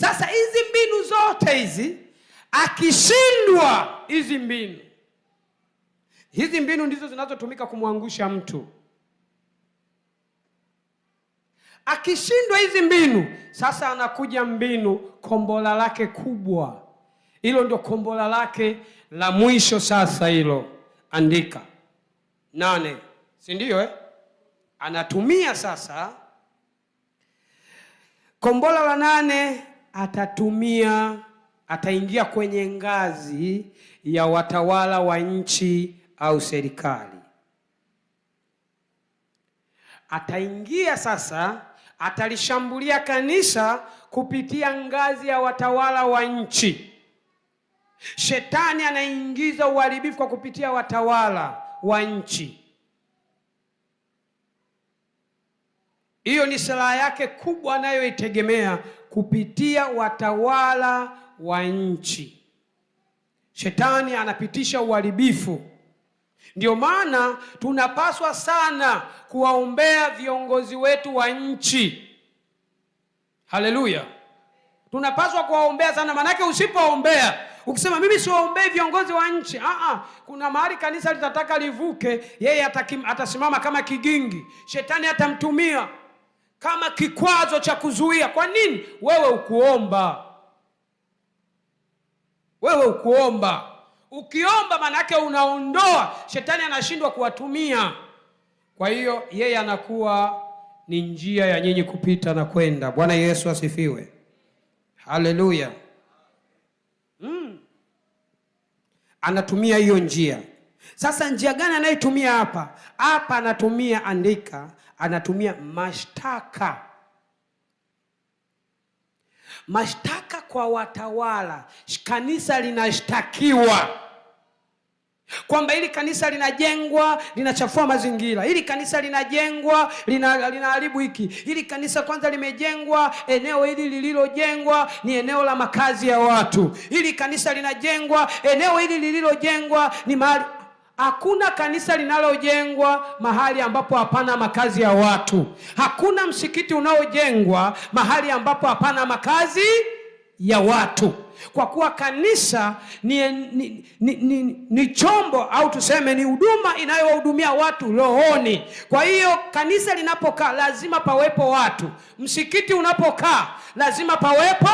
Sasa hizi mbinu zote hizi, akishindwa hizi mbinu, hizi mbinu ndizo zinazotumika kumwangusha mtu. Akishindwa hizi mbinu, sasa anakuja mbinu kombola lake kubwa. Hilo ndio kombola lake la mwisho. Sasa hilo andika nane, si ndio eh? Anatumia sasa kombola la nane atatumia ataingia kwenye ngazi ya watawala wa nchi au serikali. Ataingia sasa, atalishambulia kanisa kupitia ngazi ya watawala wa nchi. Shetani anaingiza uharibifu kwa kupitia watawala wa nchi. Hiyo ni silaha yake kubwa anayoitegemea kupitia watawala wa nchi. Shetani anapitisha uharibifu. ndio maana tunapaswa sana kuwaombea viongozi wetu wa nchi. Haleluya, tunapaswa kuwaombea sana, maanake usipoombea ukisema mimi siwaombei viongozi wa nchi aa, kuna mahali kanisa litataka livuke, yeye atasimama kama kigingi, shetani atamtumia kama kikwazo cha kuzuia. Kwa nini wewe ukuomba? Wewe ukuomba, ukiomba maana yake unaondoa, shetani anashindwa kuwatumia. Kwa hiyo yeye anakuwa ni njia ya nyinyi kupita na kwenda. Bwana Yesu asifiwe, haleluya. Mm. Anatumia hiyo njia. Sasa njia gani anayetumia hapa? Hapa anatumia andika anatumia mashtaka mashtaka kwa watawala. Kanisa linashtakiwa kwamba hili kanisa linajengwa linachafua mazingira, hili kanisa linajengwa linaharibu hiki, hili kanisa kwanza limejengwa, eneo hili lililojengwa ni eneo la makazi ya watu, hili kanisa linajengwa, eneo hili lililojengwa ni mahali Hakuna kanisa linalojengwa mahali ambapo hapana makazi ya watu. Hakuna msikiti unaojengwa mahali ambapo hapana makazi ya watu, kwa kuwa kanisa ni, ni, ni, ni, ni chombo au tuseme ni huduma inayowahudumia watu rohoni. Kwa hiyo kanisa linapokaa lazima pawepo watu, msikiti unapokaa lazima pawepo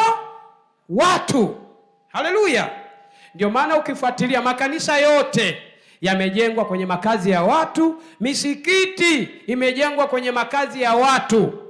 watu. Haleluya! Ndio maana ukifuatilia makanisa yote yamejengwa kwenye makazi ya watu, misikiti imejengwa kwenye makazi ya watu.